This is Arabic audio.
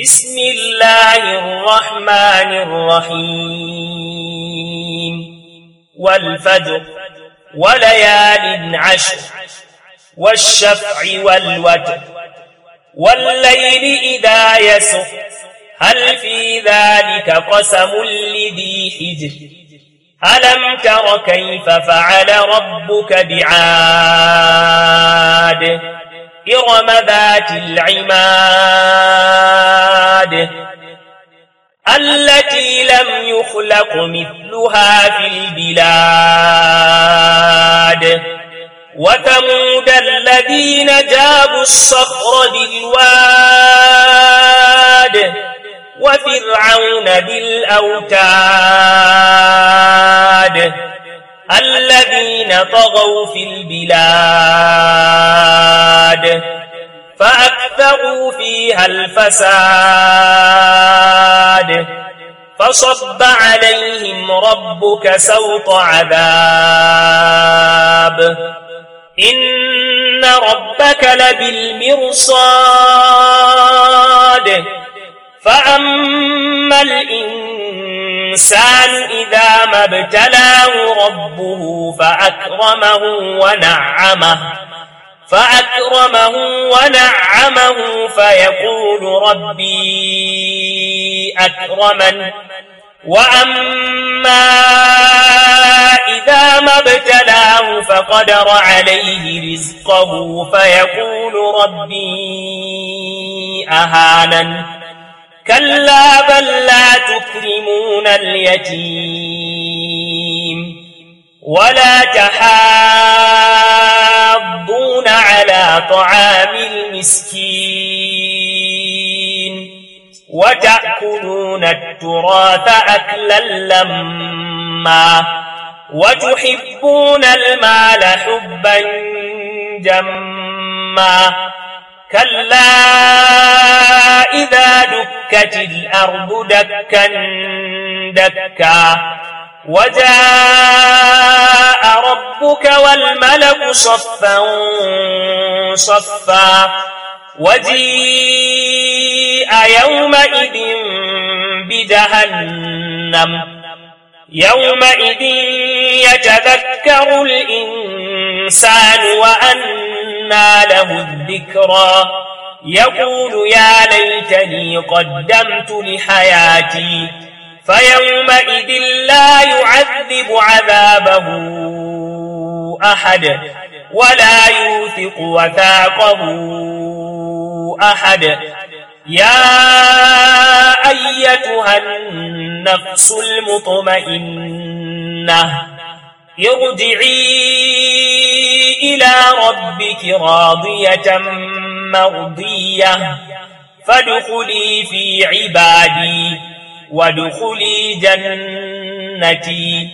بسم الله الرحمن الرحيم والفجر وليال عشر والشفع والوتر والليل إذا يسر هل في ذلك قسم لذي حجر ألم تر كيف فعل ربك بعاد إرم ذات العماد بعده التي لم يخلق مثلها في البلاد وثمود الذين جابوا الصخر بالواد وفرعون بالأوتاد الذين طغوا في البلاد وابتغوا فيها الفساد فصب عليهم ربك سوط عذاب إن ربك لبالمرصاد فأما الإنسان إذا ما ابتلاه ربه فأكرمه ونعمه فأكرمه ونعمه فيقول ربي أكرمن وأما إذا ما ابتلاه فقدر عليه رزقه فيقول ربي أهانن كلا بل لا تكرمون اليتيم ولا تحاسبون طعام المسكين وتأكلون التراث أكلا لما وتحبون المال حبا جما كلا إذا دكت الأرض دكا دكا وجاء ربك والملك صفا صفا وجيء يومئذ بجهنم يومئذ يتذكر الإنسان وأنى له الذكرى يقول يا ليتني قدمت لحياتي فيومئذ يعذب عذابه أحد ولا يوثق وثاقه أحد يا أيتها النفس المطمئنة ارجعي إلى ربك راضية مرضية فادخلي في عبادي وادخلي جنتي